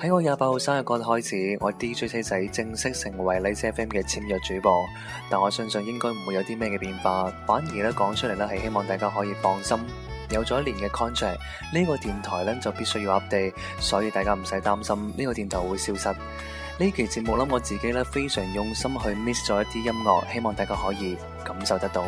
喺我廿八號生日嗰日開始，我 D J 車仔正式成為荔枝 F M 嘅簽約主播，但我相信應該唔會有啲咩嘅變化，反而咧講出嚟咧係希望大家可以放心，有咗一年嘅 contract，呢個電台咧就必須要落地，所以大家唔使擔心呢個電台會消失。呢期節目咧我自己咧非常用心去 miss 咗一啲音樂，希望大家可以感受得到。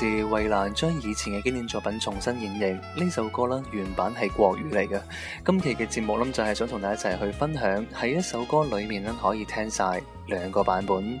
是衛蘭將以前嘅經典作品重新演繹，呢首歌呢，原版係國語嚟嘅。今期嘅節目諗就係、是、想同大家一齊去分享，喺一首歌裏面呢可以聽晒兩個版本。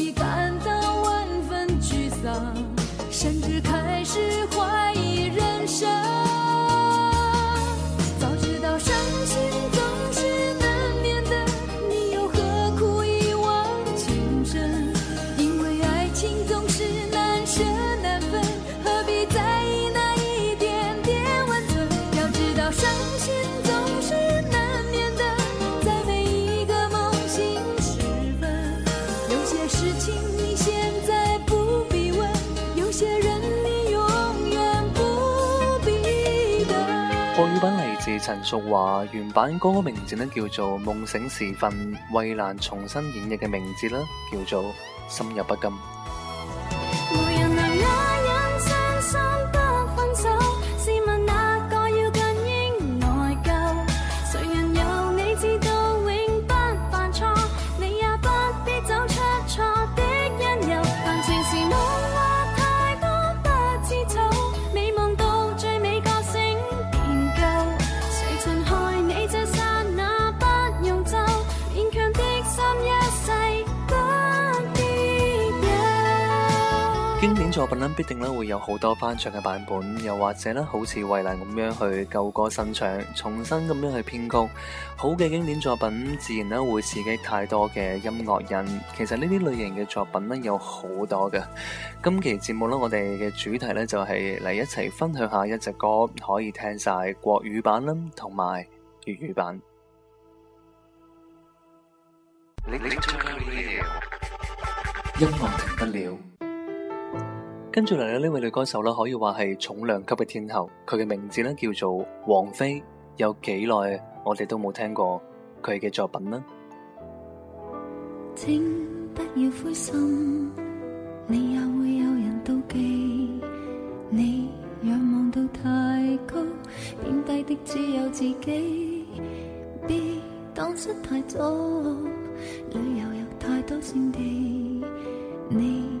陳淑華原版歌名字呢叫做《夢醒時分》，衛蘭重新演繹嘅名字咧叫做《心有不甘》。作品咧必定咧會有好多翻唱嘅版本，又或者咧好似衛蘭咁樣去舊歌新唱，重新咁樣去編曲。好嘅經典作品，自然咧會刺激太多嘅音樂人。其實呢啲類型嘅作品咧有好多嘅。今期節目咧，我哋嘅主題咧就係嚟一齊分享一下一隻歌可以聽晒國語版啦，同埋粵語版。音樂停不了。跟住嚟到呢位女歌手啦，可以話係重量級嘅天后，佢嘅名字咧叫做王菲。有幾耐我哋都冇聽過佢嘅作品啦。請不要灰心，你也會有人妒忌你，仰望到太高，貶低的只有自己，別蕩失太早，旅遊有太多勝地你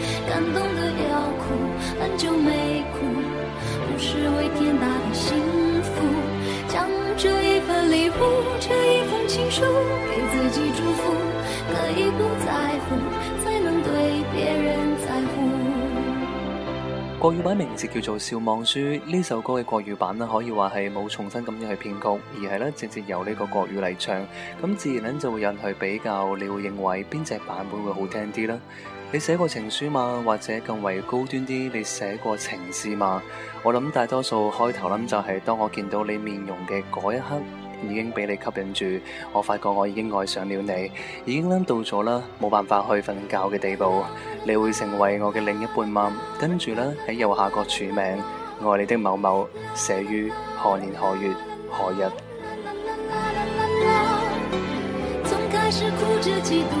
感動的要哭，很久沒哭不是為天大的幸福，將這一份禮物，這一封情書，給自己祝福，可以不在乎，才能對別人在乎。國語版名字叫做笑忘書。呢首歌嘅國語版呢，可以話係冇重新咁樣去編曲，而係呢，直接由呢個國語嚟唱。咁自然呢就會引起比較，你會認為邊隻版本會，會好聽啲啦你寫過情書嘛？或者更為高端啲，你寫過情詩嘛？我諗大多數開頭諗就係、是、當我見到你面容嘅嗰一刻，已經俾你吸引住，我發覺我已經愛上了你，已經諗到咗啦，冇辦法去瞓覺嘅地步。你會成為我嘅另一半嘛？跟住啦喺右下角署名，愛你的某某，寫於何年何月何日。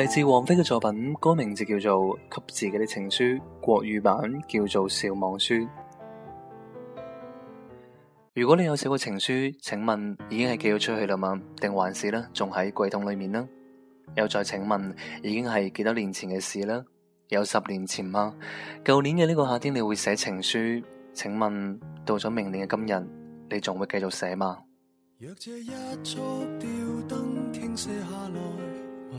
嚟自王菲嘅作品，歌名就叫做《給自己的情書》，國語版叫做《笑忘書》。如果你有寫過情書，請問已經係寄咗出去啦嘛？定還是呢？仲喺櫃桶裏面呢？又再請問，已經係幾多年前嘅事啦？有十年前嗎？舊年嘅呢個夏天你會寫情書？請問到咗明年嘅今日，你仲會繼續寫嗎？若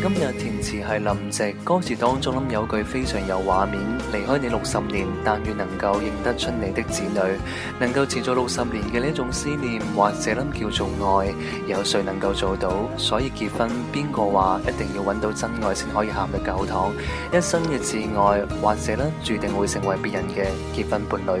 今日填詞係林夕，歌詞當中諗有句非常有畫面，離開你六十年，但願能夠認得出你的子女，能夠持續六十年嘅呢一種思念，或者諗叫做愛，有誰能夠做到？所以結婚，邊個話一定要搵到真愛先可以行入教堂？一生嘅摯愛，或者呢注定會成為別人嘅結婚伴侶。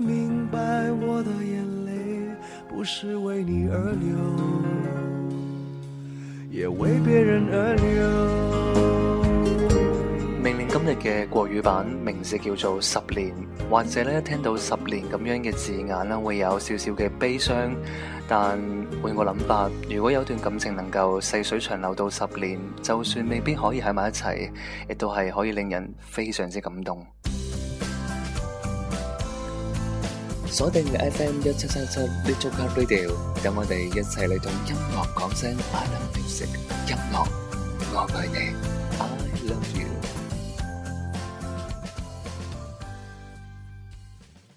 明年今日嘅國語版名字叫做《十年》，或者呢一聽到“十年”咁樣嘅字眼啦，會有少少嘅悲傷。但換個諗法，如果有段感情能夠細水長流到十年，就算未必可以喺埋一齊，亦都係可以令人非常之感動。鎖定 F M 一七七七的珠江 radio，等我哋一齊嚟同音樂講聲 I love music，音樂我愛你 I love you。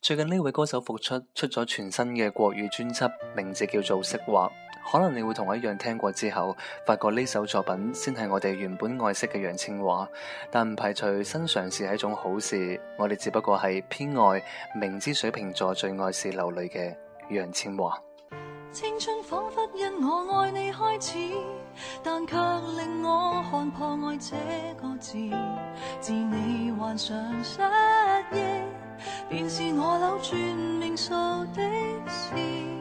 最近呢位歌手復出，出咗全新嘅國語專輯，名字叫做《色畫》。可能你會同我一樣聽過之後，發覺呢首作品先係我哋原本愛惜嘅楊千嬅，但唔排除新嘗試係一種好事。我哋只不過係偏愛明知水瓶座最愛是流淚嘅楊千嬅。青春彷彿因我愛你開始，但卻令我看破愛這個字，自你患上失憶，便是我扭轉命數的事。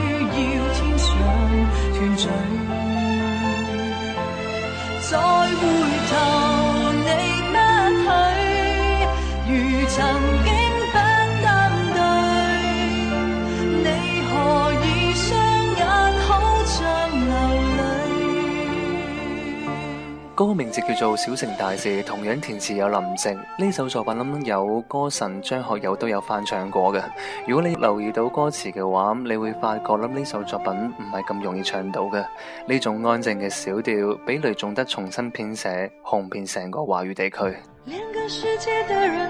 歌名字叫做《小城大事》，同樣填詞有林夕。呢首作品諗有歌神張學友都有翻唱過嘅。如果你留意到歌詞嘅話，你會發覺諗呢首作品唔係咁容易唱到嘅。呢種安靜嘅小調，比雷頌德重新編寫，紅遍成個華語地區。兩個世界的人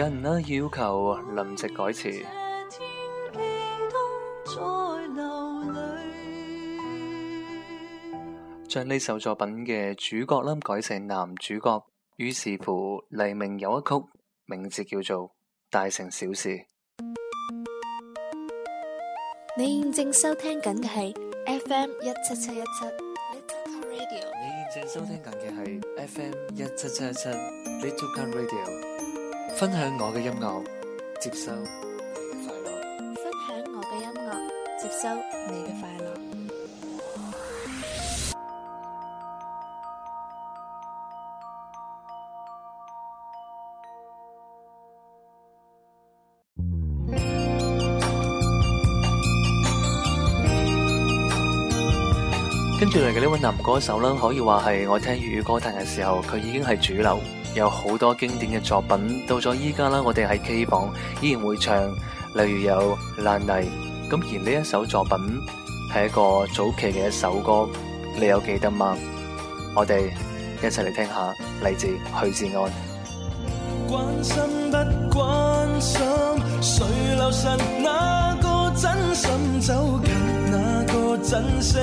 有人啦要求臨時改詞，將呢首作品嘅主角啦改成男主角，於是乎黎明有一曲，名字，叫做《大城小事》。你現正收聽緊嘅係 FM 一七七一七 Little Gun Radio，你現正收聽緊嘅係 FM 一七七一七 Little Gun Radio。分享我嘅音樂，接收你嘅快樂，嗯。跟住嚟嘅呢位男歌手啦，可以話係我聽粵語歌壇嘅時候，佢已經係主流。有好多經典嘅作品，到咗依家啦，我哋喺 K 房依然會唱，例如有《爛泥》，咁而呢一首作品係一個早期嘅一首歌，你有記得嗎？我哋一齊嚟聽下，嚟自許志安。關心不關心？誰留神那個真心走近那個真相？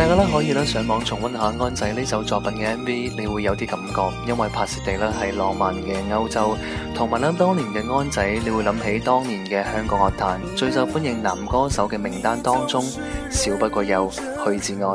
大家可以咧上網重温下安仔呢首作品嘅 MV，你會有啲感覺，因為拍攝地呢係浪漫嘅歐洲，同埋咧當年嘅安仔，你會諗起當年嘅香港樂壇最受歡迎男歌手嘅名單當中，少不過有許志安。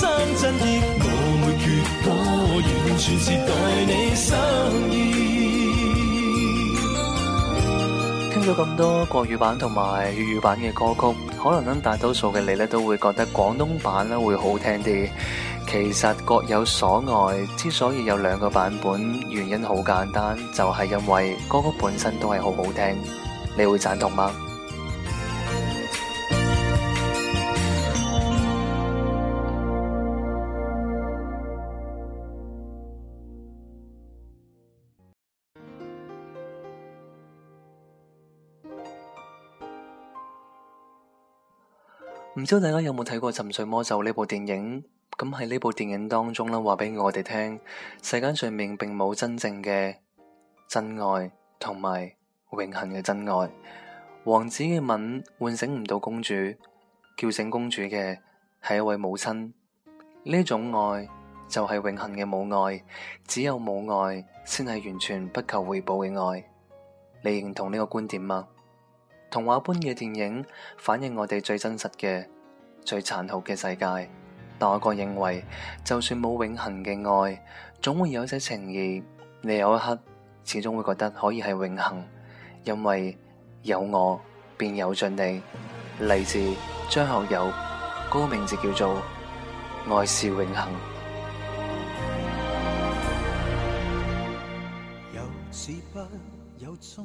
我會決到完全係對你聽咗咁多國語版同埋粵語版嘅歌曲，可能大多數嘅你呢都會覺得廣東版呢會好聽啲。其實各有所愛，之所以有兩個版本，原因好簡單，就係因為歌曲本身都係好好聽。你會贊同嗎？唔知大家有冇睇過《沉睡魔咒》呢部電影？咁喺呢部電影當中咧，話俾我哋聽，世間上面並冇真正嘅真愛，同埋永恆嘅真愛。王子嘅吻喚醒唔到公主，叫醒公主嘅係一位母親。呢種愛就係永恆嘅母愛，只有母愛先係完全不求回報嘅愛。你認同呢個觀點嗎？童話般嘅電影，反映我哋最真實嘅、最殘酷嘅世界。但我個認為，就算冇永恒嘅愛，總會有些情意。你有一刻，始終會覺得可以係永恒，因為有我，便有著你。嚟自張學友，歌、那個、名字叫做《愛是永恒》。有始不有終。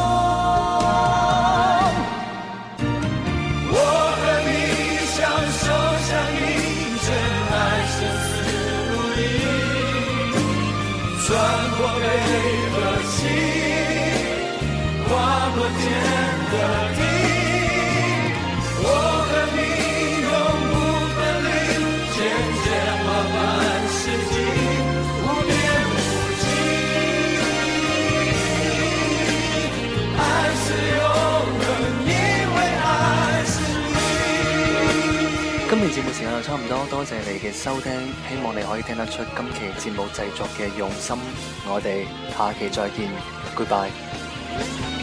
多多謝你嘅收聽，希望你可以聽得出今期節目製作嘅用心。我哋下期再見，Goodbye。拜拜。